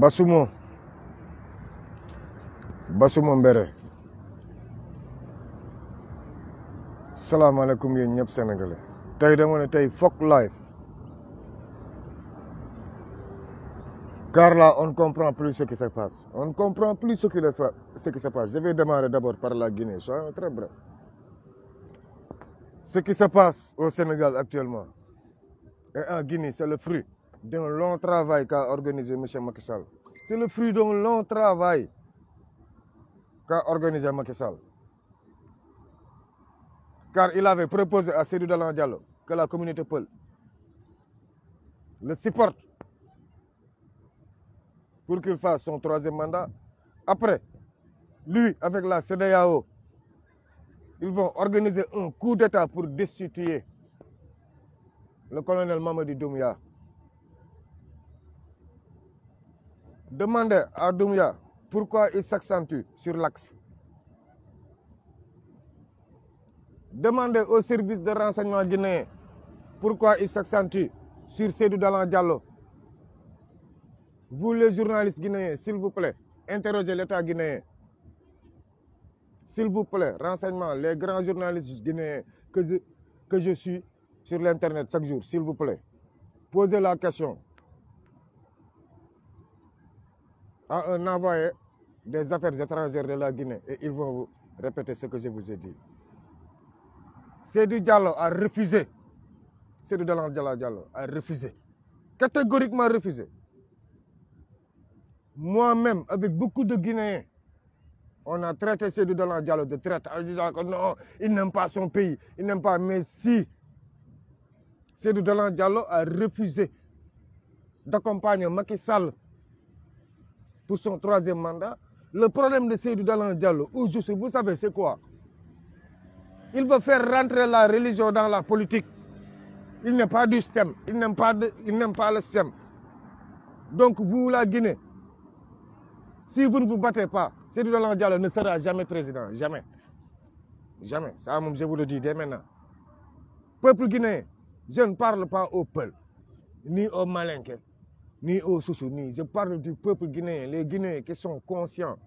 Basumo Basumo Mbéré Salam alaikum ñep sénégalais Tay dama né tay fuck life..! car là on ne comprend plus ce qui se passe on ne comprend plus ce qui se passe je vais démarrer d'abord par la Guinée très bref ce qui se passe au Sénégal actuellement et en Guinée c'est le fruit d'un long travail qu'a organisé M. Macky C'est le fruit d'un long travail qu'a organisé Macky Car il avait proposé à Sédou Diallo que la communauté Peul le supporte pour qu'il fasse son troisième mandat. Après, lui, avec la CDAO, ils vont organiser un coup d'État pour destituer le colonel Mamadi Doumia. Demandez à Doumia pourquoi il s'accentue sur l'axe. Demandez au service de renseignement guinéen pourquoi il s'accentue sur Sédou Dalan Diallo. Vous les journalistes guinéens, s'il vous plaît, interrogez l'État guinéen. S'il vous plaît, renseignement, les grands journalistes guinéens que je, que je suis sur l'Internet chaque jour, s'il vous plaît. Posez la question. à un envoyé des affaires étrangères de la Guinée et ils vont vous répéter ce que je vous ai dit. Cédou Diallo a refusé, Cédou Diallo a refusé, catégoriquement refusé. Moi-même, avec beaucoup de Guinéens, on a traité Cédou Diallo de traite non, il n'aime pas son pays, il n'aime pas. Mais si Sédou Diallo a refusé d'accompagner Macky Sall pour son troisième mandat. Le problème de Seydou Dalan Diallo, vous savez, c'est quoi Il veut faire rentrer la religion dans la politique. Il n'est pas du système. Il n'aime pas, pas le système. Donc, vous, la Guinée, si vous ne vous battez pas, Seydou Dalan Diallo ne sera jamais président. Jamais. Jamais. Ça, je vous le dis dès maintenant. Peuple guinéen, je ne parle pas au peuple, ni au malinqué ni aux ni. Je parle du peuple guinéen, les Guinéens qui sont conscients.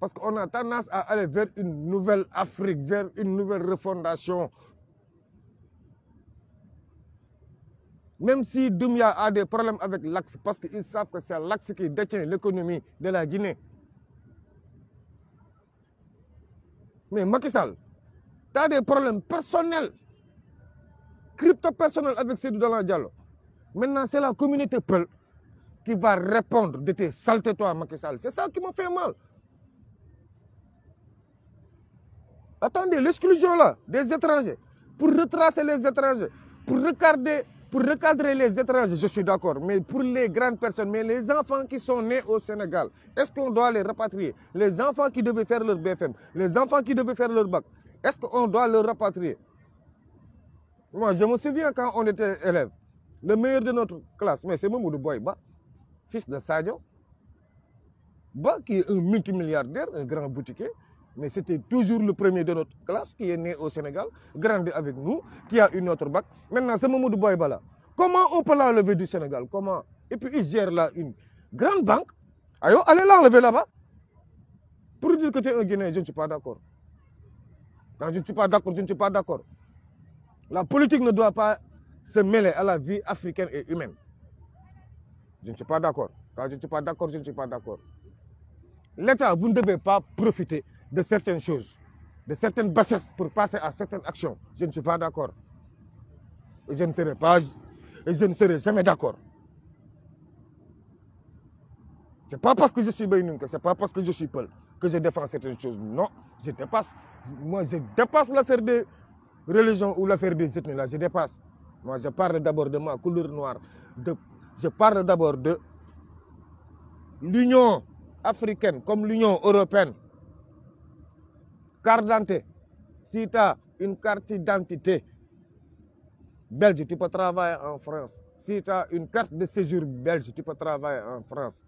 Parce qu'on a tendance à aller vers une nouvelle Afrique, vers une nouvelle refondation. Même si Doumia a des problèmes avec l'Axe, parce qu'ils savent que c'est l'Axe qui détient l'économie de la Guinée. Mais Macky tu as des problèmes personnels, crypto-personnels avec ces Dalan Diallo. Maintenant, c'est la communauté Peul qui va répondre de tes saletés, toi, Macky Sall. C'est ça qui m'a fait mal. Attendez, l'exclusion là, des étrangers, pour retracer les étrangers, pour pour recadrer les étrangers, je suis d'accord, mais pour les grandes personnes, mais les enfants qui sont nés au Sénégal, est-ce qu'on doit les rapatrier Les enfants qui devaient faire leur BFM, les enfants qui devaient faire leur bac, est-ce qu'on doit les rapatrier Moi, je me souviens quand on était élève, le meilleur de notre classe, mais c'est de Boyba, fils de Sadio. Ba, qui est un multimilliardaire, un grand boutiquier, mais c'était toujours le premier de notre classe qui est né au Sénégal, grandi avec nous, qui a une autre bac. Maintenant, c'est Mamoudou Boyba là. Comment on peut l'enlever du Sénégal Comment Et puis, il gère là une grande banque. Ayo, allez l'enlever là-bas. Pour dire que tu es un Guinéen, je ne suis pas d'accord. Quand je ne suis pas d'accord, je ne suis pas d'accord. La politique ne doit pas se mêler à la vie africaine et humaine. Je ne suis pas d'accord. Quand je ne suis pas d'accord, je ne suis pas d'accord. L'État, vous ne devez pas profiter de certaines choses, de certaines bassesses pour passer à certaines actions. Je ne suis pas d'accord. Je ne serai pas, et je ne serai jamais d'accord. Ce n'est pas parce que je suis Beynoun, ce n'est pas parce que je suis Paul que je défends certaines choses. Non, je dépasse. Moi, je dépasse l'affaire des religions ou l'affaire des ethnies. Là, je dépasse. Moi, je parle d'abord de ma couleur noire. je parle d'abord de l'Union africaine comme l'Union européenne. Carte d'identité. Si tu as une carte d'identité belge, tu peux travailler en France. Si tu as une carte de séjour belge, tu peux travailler en France.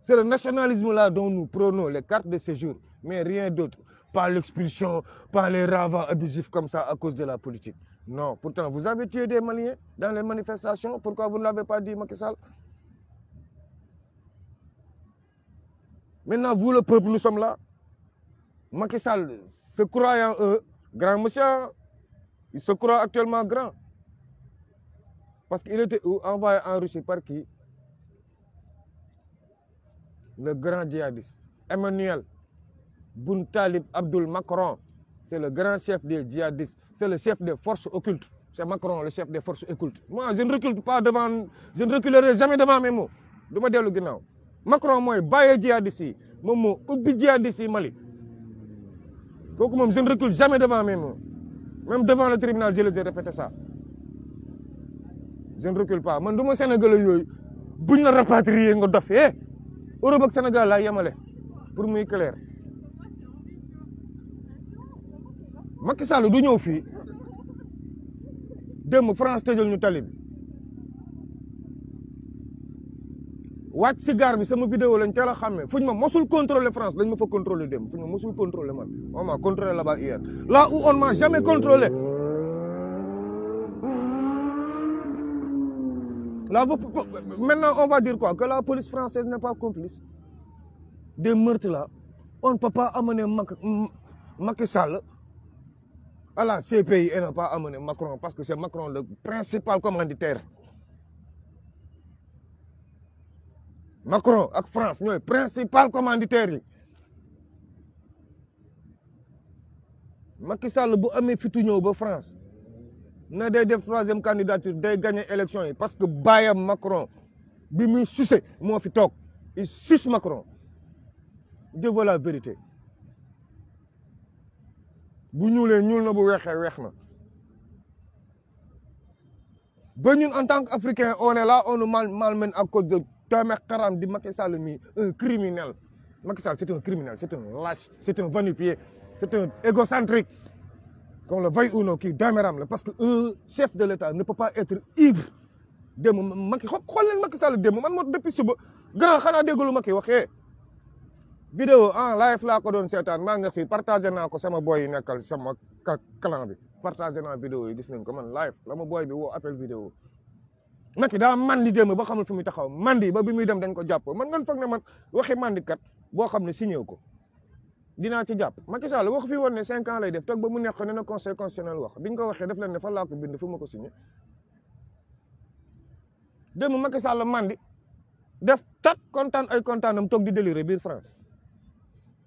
C'est le nationalisme là dont nous prenons les cartes de séjour, mais rien d'autre par l'expulsion, par les ravages abusifs comme ça à cause de la politique. Non, pourtant, vous avez tué des Maliens dans les manifestations. Pourquoi vous ne l'avez pas dit, Macky Maintenant, vous, le peuple, nous sommes là. Macky Sall se croyant eux, grand monsieur, il se croit actuellement grand. Parce qu'il était envoyé en Russie par qui Le grand djihadiste, Emmanuel Boun Talib Abdul Macron, c'est le grand chef des djihadistes, c'est le chef des forces occultes. C'est Macron, le chef des forces occultes. Moi, je ne recule pas devant, je ne reculerai jamais devant mes mots. Je me dis Macron, moi, baye djihadiste, Momo, mot, djihadiste, Mali. Donc, moi, je ne recule jamais devant mes mots. Même devant le tribunal, je les ai répété ça. Je ne recule pas. Moi, je suis Sénégalais, je suis rapatrié, je suis Europe un ne là, pas. Pour moi, clair. Macky Sall du ñeu fi dem France c'est ñu tali wacc wàcc Cigar, c'est bi sama vidéo lañ teel a xàmmee ma contrôler France dañ ma fa contrôler Deme. Je ma contrôler man on m'a contrôlé là-bas hier là où on m'a jamais contrôlé maintenant, on va dire quoi Que la police française n'est pas complice. Des meurtres là, on ne peut pas amener Macky Sall alors, ces pays n'ont pas amené Macron parce que c'est Macron le principal commanditaire. Macron avec France le principal commanditaire Macky Sall bu amee fitu ñëw ba France na day def troisième candidature day gagné l'élection. parce que Bayam Macron bi muy sucé il suce Macron je veux la vérité bu ñuulee ñuul na bu weexee weex ba ñun en tant qu'africain on est là on nous malmène à cause de doomi Karam di Macky Sall un criminel Macky Sall c'est un criminel c'est un lâche c'est un va pied c'est un égocentrique Quand le veuille ou non kii parce que un chef de l'État ne peut pas être ivre démb Macky xool leen Macky Sall démb man moo depuis suba grand xanaa Macky Video en live la ko doon seetaan ma nga fi partager na ko sama boy yi nekkal sama clan bi partager na vidéo yi gis nañ ko man live la ma boy bi wo appel vidéo da man mandi dem ba xamul fi muy taxaw mandi ba bi muy dem dañ ko japp man ngeen foog ne man waxi mandi kat bo ne signé ko dina ci japp Macky Sall wax fi woon ne cinq ans lay def tok ba mu nekk ne na conseil constitutionnel wax biñ ko waxee daf leen ne fa la ko bind fu ko signé dem Macky Sall mandi def tak kontan ay kontanam tok di délirer bir France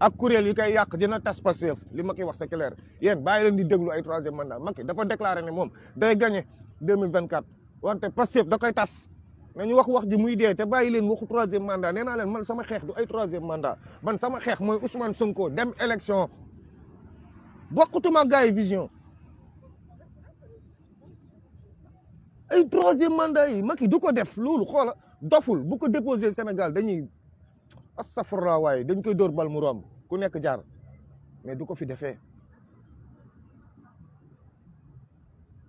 ak kuréel yi koy yàq dina tas Pastef li ma koy wax c'est clair yéen bàyyi leen di déglu ay troisième mandat Macky dafa déclaré ne moom day gagné 2024 wante Pastef da koy tas nañu wax wax ji muy dee te bàyyi leen waxu troisième mandat nee naa leen man sama xeex du ay troisième mandat man sama xeex mooy Ousmane Sonko dem élection bokkutuma gars yi vision ay troisième mandat yi du ko def loolu xoola doful bu ko déposé Sénégal dañuy astafurlaa waaye dañ koy dóor bal mu romb ku nekk jaar mais du ko fi defee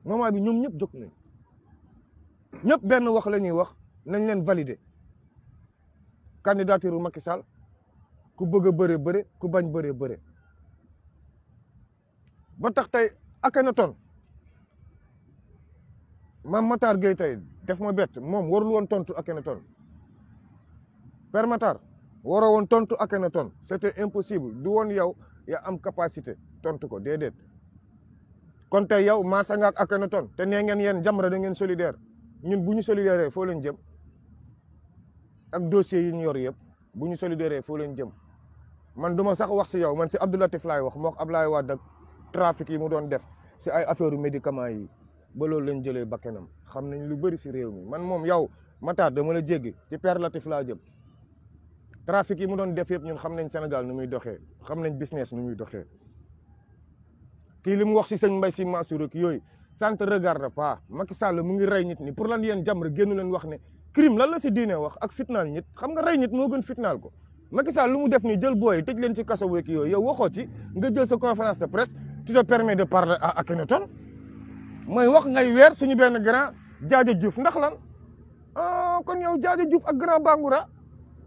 moment bi ñoom ñëpp jog nañ ñëpp benn wax la ñuy wax nañ leen valider candidature Macky Sall ku bëgg a bëree bëre ku bañ bëree bëre ba tax tey Akhenaton maam Matar Gueye tey def ma bett moom warul woon tontu Akhenaton père Matar waro won tontu ak ton c'était impossible du won yow ya am capacité tontu ko dedet kon tay yow ma nga ak na ton te ne ngeen yeen Jamra da ngeen solidaire ñun buñu solidaire fo leen jëm ak dossier yi ñu yor yeb buñu solidaire fo leen jëm man duma sax wax ci yow man ci Abdou Latif lay wax moo ablay wad ak trafic yi mu doon def ci ay affaire médicament yi ba loolu lañ jëlé bakkanam xam lu bari si réew mi man mom yow mata dama la jéggi ci Père Latif la jëm trafic yi mu doon def yëpp ñun xam nañ Sénégal nu muy doxé xam nañ business nu muy doxé ki lim wax ci sëñ Mbaye Sy Mansour ak yoy ça regarde pas Macky Sall mu ngi ray nit ni pour lan yeen jamr gennu len wax ne crime lan la si diiné wax ak fitnal nit xam nga ray nit mo gën fitnal ko Macky Sall lu mu def ni jël boy tej len ci kasso wek yoy yow waxo ci nga jël sa conférence de presse tu te permets de parler à Akhenaton moy wax ngay weer suñu ben grand Diouf ndax lan ah kon yow Diadio Diouf ak grand Bangoura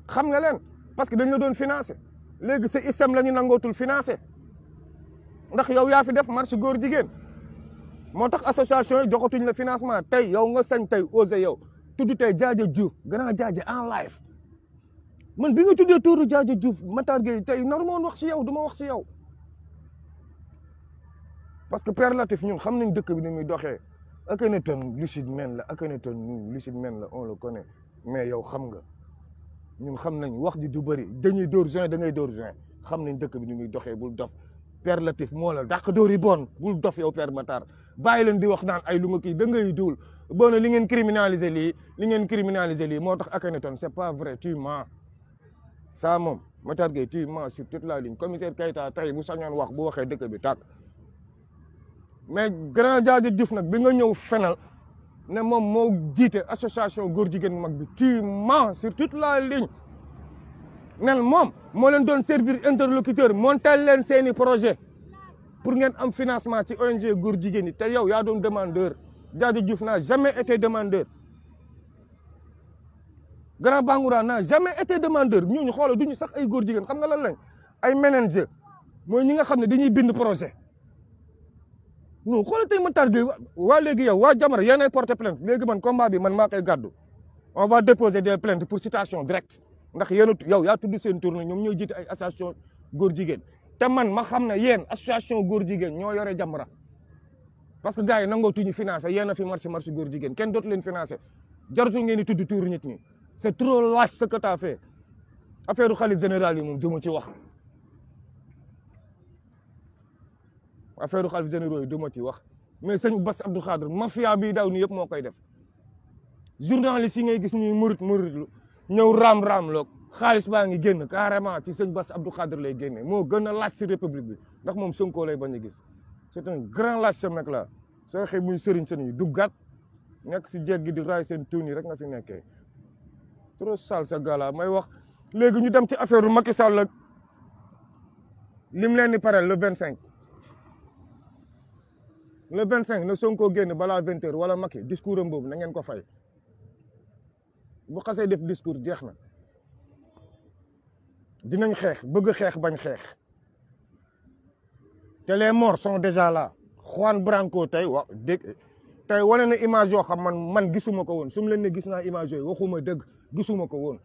xam nga leen parce que dañ la doon financé léegi sa ISEM la ñu nangootul financé ndax yow yaa fi def marché góor jigéen moo tax association yi joxatuñ la financement tey yow nga sañ tey osé yow tudd tey Diadia Diouf grand Diadia en live man bi nga tuddee tuuru Diadia Diouf Matar Gueye tey nar moon wax si yow du wax si yow parce que Père Latif ñun xam nañ dëkk bi ni muy doxee Akhenaton lucide men la Akhenaton ñun lucide men la on le connaît mais yow xam nga ñun xam nañ wax ji du bëri dañuy dóor juin da ngay dóor juin xam nañ dëkk bi ñu ngi doxee bul dof Père Latif moo la dàq dóor yi bon bul dof yow Père Matar bàyyi leen di wax naan ay lu nga kii da ngay duul boo ne li ngeen criminaliser lii li ngeen criminaliser lii moo tax Akhenaton c'est pas vrai tu mens ça moom Matar Gueye tu mens sur toute la ligne commissaire Keita tey bu sañoon wax bu waxee dëkk bi tàkk mais grand Diadia Diouf nag bi nga ñëw fenal ne moom moo jiite association góor jigéen mag bi tu mens sur toute la ligne nel moom moo leen service servir interlocuteur montel leen seeni projet pour ngeen am financement ci ONG góor jigéen yi te yow yaa doon demandeur Diadio Diouf n'a jamais été demandeur Grand Bangoura n'a jamais été demandeur ñooñu xoolal duñu sax ay góor jigéen xam nga lan lañ ay manager Moi, ñi nga xam ne dañuy bind projet non xoolal tey Matar Gueye waa léegi yow waa Jamra yéenay porté plainte léegi man combat bi man maa koy on va déposer des plaintes pour citation directe ndax yéen a yow yaa tudd seen tournée ñoom ñooy jiite ay association góor jigéen te man ma xam ne yéen association góor jigéen ñoo yore Jamra parce que gars yi nangootuñu financé yéen a fi marché marché góor jigéen kenn dootu leen financé jarutul ngeen di tudd tuur nit ñi c'est trop lâche ce que t'as fait affaire du xalif général yi moom du ma ci wax affaire khalif généraux yi duma ci wax mais seigne Bass Abdou khadir mafia bi daw ni yep mo koy def journaliste yi ngay gis ñuy murit lu ñew ram ram lok khalis ba nga genn carrément ci seigne Bass Abdou khadir lay genné mo gëna a ci république bi ndax mom Sonko lay bañ gis c'est un grand laaj mec là so xey muy serigne seigne du gat nek si jéggi di ray sen tuuni rek nga fi nekké trop sale sa gala may wax légui ñu dem ci affaire Macky Sall lim leen le 25 le cinq na Sonko génn bala 20 wala Macky discours am boobu na ngeen ko fay bu xasee def discours jeex na dinañ xeex bëgg xeex bañ xeex te les morts sont déjà la Juan Branco tey wa dégg tey wane na image yoo xam man man gisuma ko woon su leen ne gis naa image yooyu waxuma dëgg gisuma ko woon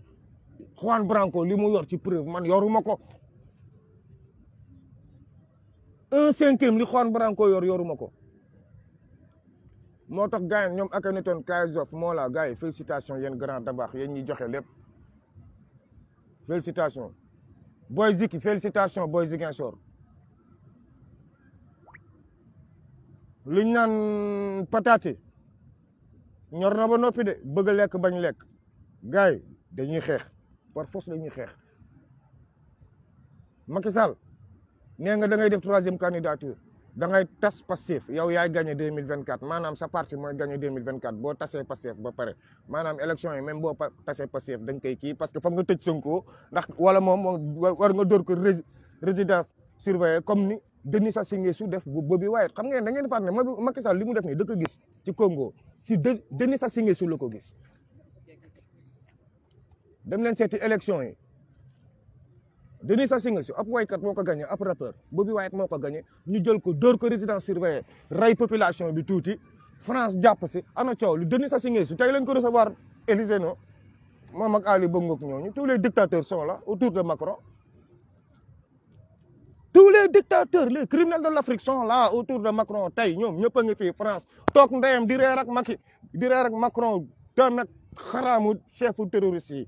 Juan Branco li mu yor ci preuve man yoruma ko un cinquième li Juan Branco yor yoruma ko moo tax gars yi ñoom Akhenaton Kayz-Off moo la gars yi félicitation yéen grand tabax yéen ñuy joxe lépp félicitation boy Ziki félicitation boy Ziguinchor lu ñu naan patate ñor na ba noppi de bëgg a lekk bañ lekk gars yi dañuy xeex par force dañuy xeex Macky Sall nee nga da ngay def troisième candidature da ngay tas passif yow yaay gagner 2024 manam sa parti moy gagner 2024 bo tassé passif ba paré manam élection yi même pasif, tassé passif dang kay nak parce que fam nga tejj Sonko ndax wala mom war nga dor ko résidence surveiller comme ni Denis Sassou Nguesso def bu Bobi Wine xam ngeen da ngeen fàtte Macky Sall limu def ni deuk gis ci Congo ci Denis Sassou Nguesso gis dem len seeti élection yi Denis Sassou Nguesso ab waykat moo ko gagné ab rappeur Bobi Wine moo ko gagné ñu jël ko dóor ko résidence surveillée rey population bi tuuti France jàpp si ana coow lu Denis Sassou Nguesso tey leen ko recevoir Élysée no moom ak Ali Bongo ak ñu tous les dictateurs sont là autour de Macron tous les dictateurs les criminels de l'Afrique sont là autour de Macron tey ñoom ñëpp a ngi fii France toog ndeyam di reer ak Macky di reer ak Macron te nag xaraamu chefu terroriste yi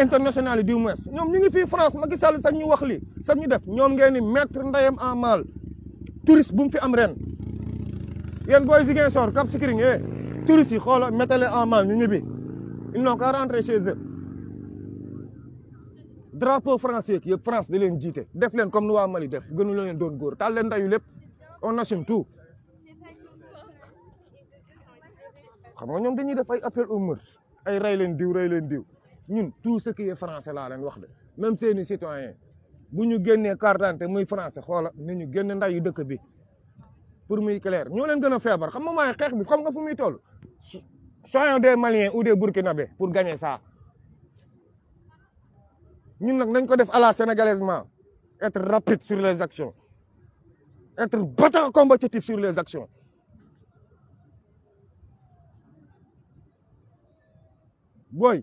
international di du moins ñom ñu ngi fi France Macky Sall sax ñu wax li sax ñu def ñom ngeen ni maître ndayam en mal touriste bu mu fi am ren boy booy sor Cap Skirring eh touriste yi xoola metalé en mal ñu ñibi ils n'ont qu'à rentrer chez eux drapeau français yi France di leen jité def leen comme nu Mali def gënu leen doon goor tal leen ndayu lepp on assume tout xam nga ñom dañuy def ay appel au meurtre ay ray leen diw ray leen diw ñun tout ce qui est français là, wax de même nous citoyen buñu muy français nous avons bi pour muy clair ñoo faire, bi xam nga soyons des maliens ou des burkinabé pour gagner ça Nous, nak nañ ko à être rapide sur les actions être battant sur les actions Boy.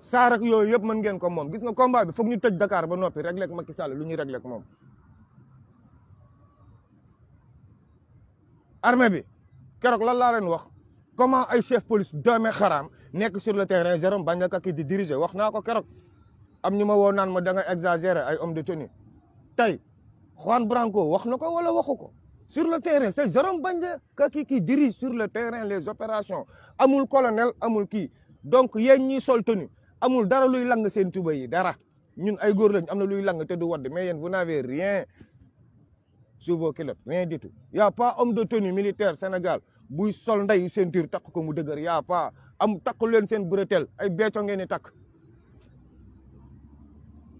saar ak yooyu yëpp mën ngeen ko moom gis nga combat bi foog ñu tëj Dakar ba noppi réglé ak Macky Sall lu ñuy réglé ak moom. armée bi keroog lan laa leen wax comment ay chef police doome xaraam nekk sur le terrain Jérôme Bandiaka ki di diriger wax naa ko keroog am ñu ma woo naan ma da nga ay homme de tey Juan Branco wax na ko wala waxu ko. sur le terrain c'est Jérôme Bandiaka ki qui dirige sur le terrain les opérations amul colonel amul kii donc yee ñiy sol tenue amul dara luy lang seen tuba yi dara ñun ay góor lañ am na luy lang te du wadd mais yéen vous n'avez rien sous vos culottes rien du tout y a pas homme de tenue militaire Sénégal buy sol nday ceinture takk ko mu dëgër y a am takk leen seen bretelle ay bécco ngeen di takk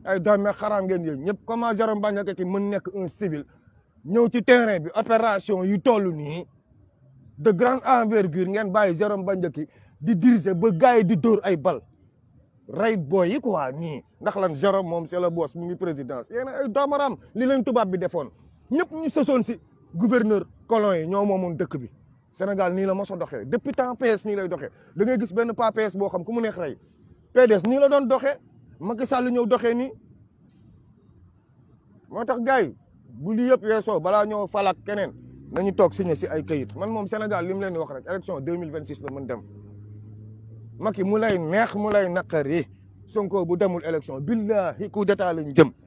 ay doome xaraam ngeen yéen ñëpp comment Jérôme Bandiaky ki mën nekk un civil ñëw ci terrain bi opération yi toll nii de grande envergure ngeen bàyyi Jérôme Bandiaky di diriger ba gars yi di dóor ay bal rey booy yi quoi nii ndax lan Jérôme moom c'est le boss mu ngi présidence yéen ay doomaraam li leen tubaab bi defoon ñëpp ñu sosoon si gouverneur colon yi ñoo moom dëkk bi Sénégal nii la mos a doxee depuis temps PS nii lay doxee da ngay gis benn pas PS boo xam ku mu neex rey PDS nii la doon doxee Macky Sall ñëw doxee nii moo tax gars yi bu lii yëpp yeesoo balaa falak keneen nañu toog signé si ay këyit man moom Sénégal li mu leen di wax rek élection 2026 la mën dem Maki moulay neex moulay nakari Sonko bu demul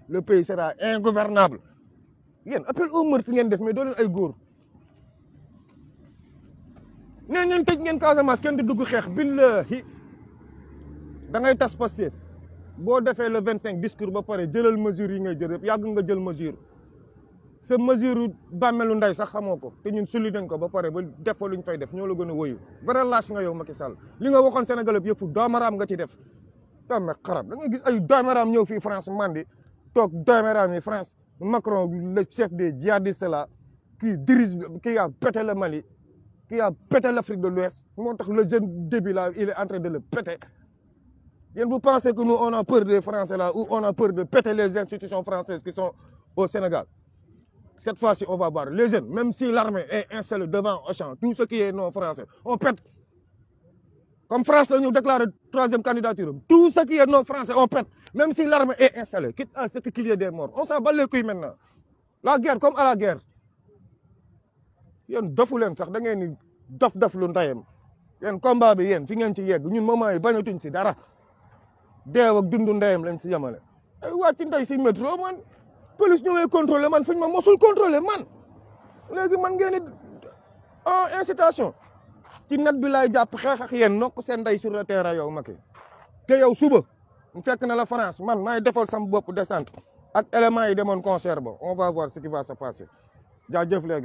le pays sera ingouvernable au meurtre def mais do len ay goor ngeen ngeen Casamance di dugg xex billahi da ngay tas le 25 discours ba vous jëlal mesure yi ce mesure bamelu nday sax xamoko ko te ñun sulu nañ ko ba paré ba def fa fay def ñoo la gën woyu vrai lâche nga yow Macky Sall li nga waxon Sénégal yëpp doomaraam nga ci def tamit xaram da nga gis ay doomaraam ñëw fi France mandi toog doomaraam ni France Macron le chef des djihadistes là qui dirige qui a pété le Mali qui a pété l'Afrique de l'Ouest moo tax le jeune début là il est en train de le péter yéen vous pensez que nous on a peur des Français là ou on a peur de péter les institutions françaises qui sont au Sénégal cette fois-ci, on va voir. Les jeunes, même si l'armée est installée devant Auchan, tout ce qui est non français, on pète. Comme France, nous déclare troisième candidature. Tout ce qui est non français, on pète. Même si l'armée est installée, quitte à ce qu'il y ait des morts. On s'en bat les maintenant. La guerre, comme à la guerre. Il y a une dofoulen, ça, il y a un combat bi un fi ngeen ci yegg ñun moment yi bañatuñ dara deew ak dundu si man police ñëwee contrôlé man fuñ ma mosul contrôlé man léegi man ngeen en incitation ci net bi laay jàpp xeex ak yéen nokk seen ndey sur le terrain yow Macky te yow suba fekk na la France man maay defal sam bopp descente ak éléments yi demoon concert ba on va voir ce qui va se passer jaajëf léegi